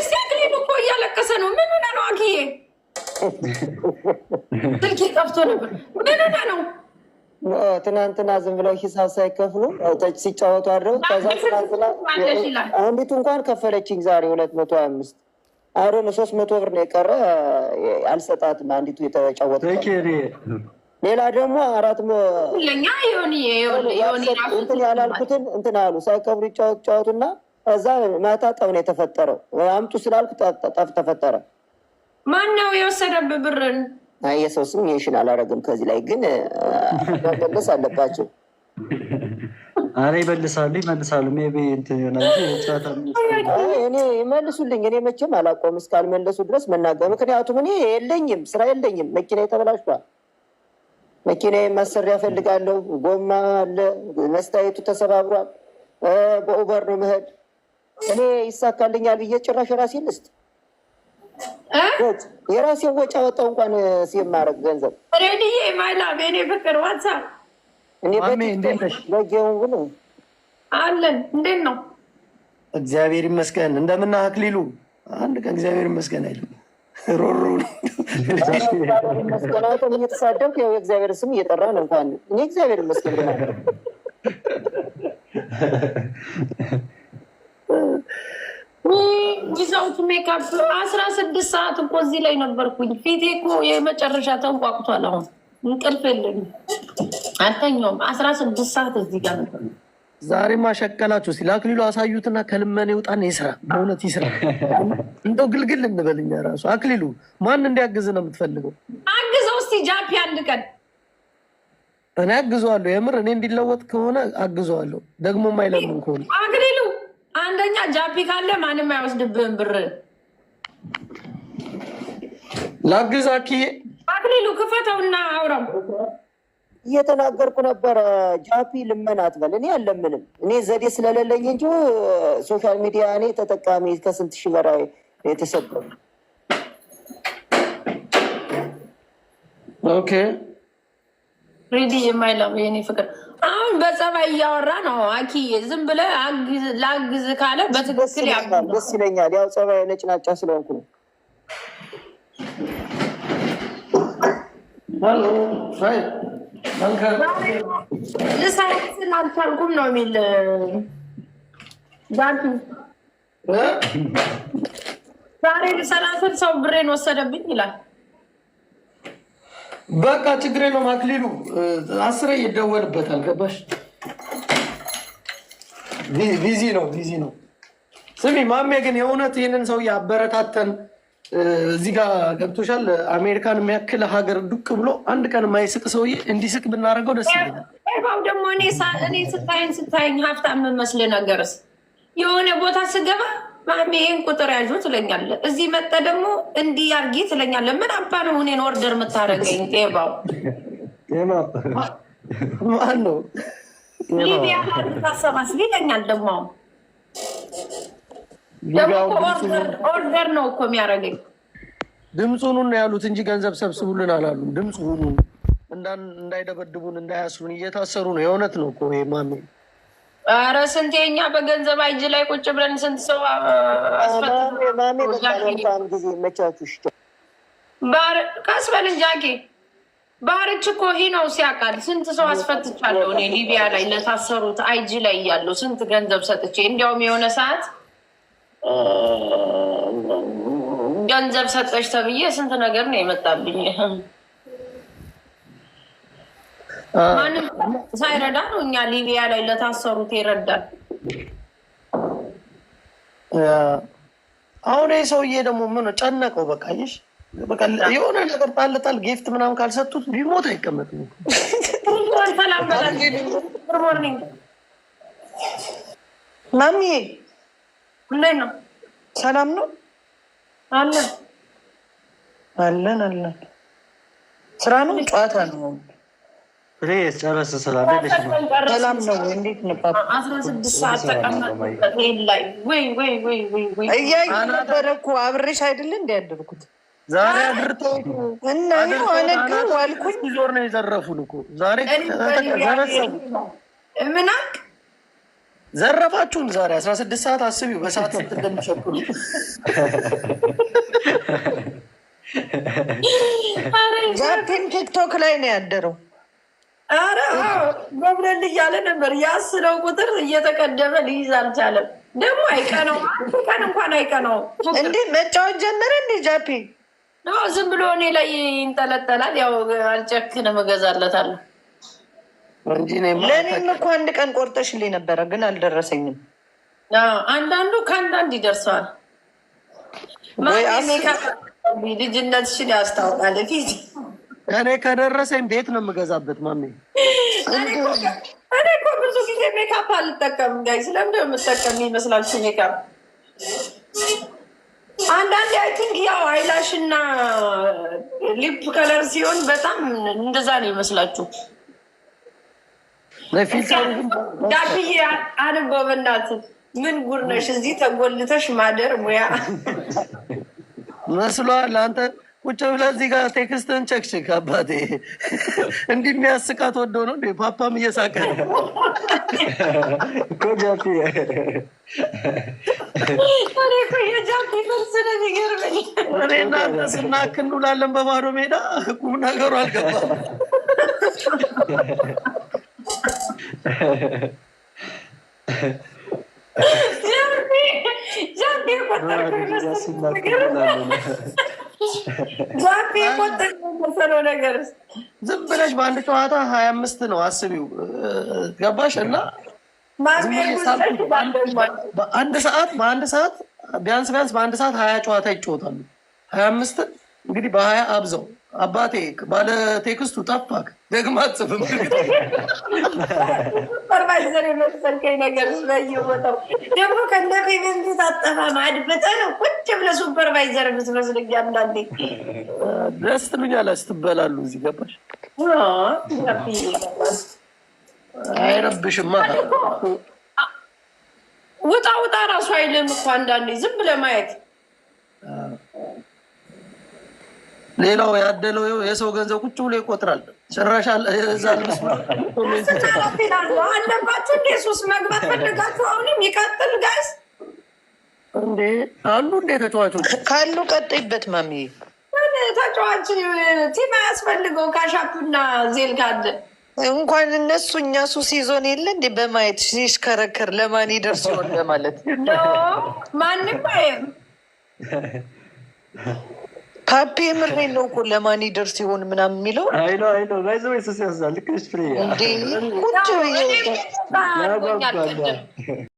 እስቲ አክሊሉ እኮ እያለቀሰ ነው። ምን ሆነ ነው አክዬ? ስልኬ ጠፍቶ ነበር። ምን ሆነ ነው? ትናንትና ዝም ብለው ሂሳብ ሳይከፍሉ ሲጫወቱ አድረው ከዛ ትናንትና አንዲቱ እንኳን ከፈለችኝ ዛሬ ሁለት መቶ ሀያ አምስት አሮን ሶስት መቶ ብር ነው የቀረ አልሰጣትም። አንዲቱ የተጫወተ ሌላ ደግሞ አራት እንትን ያላልኩትን እንትን አሉ ሳይከፍሉ ይጫወቱና እዛ ማታ ጠብ ነው የተፈጠረው። አምጡ ስላልኩ ጠብ ተፈጠረ። ማን ነው የወሰደብህ ብርን? የሰው ስም ይሽን አላረግም። ከዚህ ላይ ግን መመለስ አለባቸው። አረ ይመልሳሉ፣ ይመልሳሉ። እኔ ይመልሱልኝ። እኔ መቼም አላቆም እስካልመለሱ ድረስ መናገር። ምክንያቱም እኔ የለኝም፣ ስራ የለኝም። መኪና ተበላሽቷል። መኪና ማሰሪያ ፈልጋለሁ። ጎማ አለ፣ መስታየቱ ተሰባብሯል። በኡበር ነው መሄድ እኔ ይሳካልኛል ብዬ ጭራሽ ራሴን ልስጥ የራሴን ወጪ አወጣሁ። እንኳን ሲማረግ ገንዘብ ሬዲዬ ማይላም የኔ ፍቅር ዋትሳፕ በጌውን አለን። እንዴት ነው? እግዚአብሔር ይመስገን። እንደምና አክሊሉ አንድ ቀን እግዚአብሔር ይመስገን አይልም። ሮሮ መስገናቶም እየተሳደብክ ያው የእግዚአብሔር ስም እየጠራ ነው። እንኳን እኔ እግዚአብሔር ይመስገን ብናል ዊዛውት ሜካፕ አስራ ስድስት ሰዓት እኮ እዚህ ላይ ነበርኩኝ። ፊቴ እኮ የመጨረሻ ተንቋቁቷል። አሁን እንቅልፍ የለኝም አልተኛውም። አስራ ስድስት ሰዓት እዚህ ጋር ነበር። ዛሬ ማሸቀላችሁ ሲል አክሊሉ አሳዩትና ከልመን ይውጣን ይስራ፣ በእውነት ይስራ። እንደው ግልግል እንበልኝ ራሱ አክሊሉ ማን እንዲያግዝ ነው የምትፈልገው? አግዘው እስቲ ጃፒ አንድ ቀን እኔ አግዘዋለሁ። የምር እኔ እንዲለወጥ ከሆነ አግዘዋለሁ። ደግሞ ማይለምን ከሆነ አንደኛ ጃፒ ካለ ማንም አይወስድብህም ብር ላግዛኪ አክሊሉ ክፈተውና አውራው እየተናገርኩ ነበረ። ጃፒ ልመና አትበል። እኔ አለምንም እኔ ዘዴ ስለሌለኝ እንጂ ሶሻል ሚዲያ እኔ ተጠቃሚ ከስንት ሺህ በላይ የተሰጠ ኦኬ ሬዲ የማይለው የኔ ፍቅር አሁን በጸባይ እያወራ ነው። አኪ ዝም ብለ ላግዝ ካለ በትክክል ደስ ይለኛል። ያው ጸባይ ነጭ ናጫ ስለሆንኩ ነው። ሳይንስን አልቻልኩም ነው የሚል ዛንቱ ዛሬ ሰላስን ሰው ብሬን ወሰደብኝ ይላል። በቃ ችግር የለውም። አክሊሉ አስረ ይደወልበታል። ገባሽ? ቢዚ ነው ቢዚ ነው። ስሚ ማሜ፣ ግን የእውነት ይህንን ሰው ያበረታተን እዚህ ጋር ገብቶሻል። አሜሪካን የሚያክል ሀገር ዱቅ ብሎ አንድ ቀን የማይስቅ ሰውዬ እንዲስቅ ብናደርገው ደስ ይለኛል። ደግሞ እኔ ስታይን ስታይኝ ሀብታም የምመስል ነገርስ የሆነ ቦታ ስገባ ማሜ ይህን ቁጥር ያዥ ትለኛለ። እዚህ መጠ ደግሞ እንዲህ አድርጊ ትለኛለ። ምን አባ ነው እኔን ኦርደር የምታደርገኝ? ጤባው ማነው ሊቢያ ታሰባስብ ይለኛል። ደግሞ ደግሞ ኦርደር ነው እኮ የሚያደርገኝ። ድምፁ ያሉት እንጂ ገንዘብ ሰብስቡልን አላሉ። ድምፁ ሁኑ እንዳይደበድቡን እንዳያስሩን እየታሰሩ ነው። የእውነት ነው እኮ ማሜ ኧረ ስንቴ እኛ በገንዘብ አይጅ ላይ ቁጭ ብለን ስንት ሰው አስፈትማሜ በጣም ጊዜ ባህርች እኮ ነው ሲያውቃል። ስንት ሰው አስፈትቻለሁ እኔ ሊቢያ ላይ ለታሰሩት አይጅ ላይ እያለሁ ስንት ገንዘብ ሰጥቼ፣ እንዲያውም የሆነ ሰዓት ገንዘብ ሰጠች ተብዬ ስንት ነገር ነው የመጣብኝ። ማንም ሳይረዳ ነው እኛ ሊቢያ ላይ ለታሰሩት ይረዳል። አሁን ይህ ሰውዬ ደግሞ ምን ጨነቀው? በቃ ይሽ የሆነ ነገር ጣል ጣል ጌፍት ምናምን ካልሰጡት ቢሞት አይቀመጥም። ማሚዬ እንዴት ነው? ሰላም ነው? አለን አለን አለን። ስራ ነው ጨዋታ ነው ጨረስ ሰላም ነው። እንዴት ነበር? አስራ ስድስት ሰዓት ተቀመጥኩበት ላይ ወይ እያየሁ ነበረ እኮ አብሬሽ አይደለ እንደ ያደርኩት ዛሬ አድርተው እና አነጋ ዋልኩኝ። ዞር ነው የዘረፉን እኮ ዛሬ ምናቅ ዘረፋችሁን። ዛሬ አስራ ስድስት ሰዓት አስቢው በሰዓት ስንት እንደሚሸኩሉ ዛቴም ቲክቶክ ላይ ነው ያደረው አረ ገብረል እያለ ነበር ያስለው ቁጥር እየተቀደመ ሊይዝ አልቻለም። ደግሞ አይቀነው አንድ ቀን እንኳን አይቀነው። እንዲ መጫወት ጀመረ። እንዲ ጃፒ ዝም ብሎ እኔ ላይ ይንጠለጠላል። ያው አልጨክንም፣ እገዛለታለሁ እንጂ ለእኔም እኮ አንድ ቀን ቆርጠሽልኝ ነበረ፣ ግን አልደረሰኝም። አንዳንዱ ከአንዳንድ ይደርሰዋል። ልጅነትሽን ያስታውቃል ፊት እኔ ከደረሰኝ ቤት ነው የምገዛበት። ማሜ እኔ እኮ ብዙ ጊዜ ሜካፕ አልጠቀም ጋይ ስለምደ የምጠቀም ይመስላል ሜካፕ አንዳንድ አይ ቲንክ ያው አይላሽ እና ሊፕ ከለር ሲሆን በጣም እንደዛ ነው ይመስላችሁ። ዳብዬ አንበው በእናትህ ምን ጉድ ነሽ? እዚህ ተጎልተሽ ማደር ሙያ መስሏል አንተ ቁጭ ብላ እዚህ ጋር ቴክስትን ቸክሽክ አባቴ እንዲህ የሚያስቃት ወዶ ነው እንዴ? ፓፓም እየሳቀ ነው እኮ እኔ እናንተ ስናክ እንውላለን በባዶ ሜዳ። ቁም ነገሩ አልገባም። ጃፒ ቆጠርኩ ይመስል ዛፌ ቆጠር መሰለው ነገር ዝም ብለሽ በአንድ ጨዋታ ሀያ አምስት ነው አስቢው። ገባሽ እና በአንድ ሰዓት በአንድ ሰዓት ቢያንስ ቢያንስ በአንድ ሰዓት ሀያ ጨዋታ ይጫወታሉ። ሀያ አምስት እንግዲህ በሀያ አብዘው አባቴ ባለ ቴክስቱ ጠፋክ ደግማ ጽፍም ሱፐርቫይዘር የመሰልከኝ ነገር ስለየቦታው ደግሞ ከነ ፔመንት አጠፋም አድበጠ ነው ቁጭ ብለህ ሱፐርቫይዘር የምትመስለኝ አንዳንዴ ደስ ትሉኛል። ስትበላሉ እዚህ ገባሽ አይረብሽማ። ውጣ ውጣ ራሱ አይልም እኮ አንዳንዴ ዝም ብለህ ማየት ሌላው ያደለው የሰው ገንዘብ ቁጭ ብሎ ይቆጥራል። ጭራሽ እዛ አለባችሁ እንዴ? ሱስ መግባት ፈልጋችሁ አሁንም ይቀጥል ጋይስ እንዴ አሉ እንዴ ተጫዋቾች ካሉ ቀጥይበት። ማሚ ተጫዋች ቲም ያስፈልገው ካሻፑና ዜል እንኳን እነሱ እኛ ሱስ ይዞን የለ እንዴ በማየት ሲሽከረከር ለማን ይደርሰዋል ለማለት ማንም አይም ካፒ የምር ነው እኮ ለማን ይደርስ ሲሆን ምናምን የሚለው ቁጭ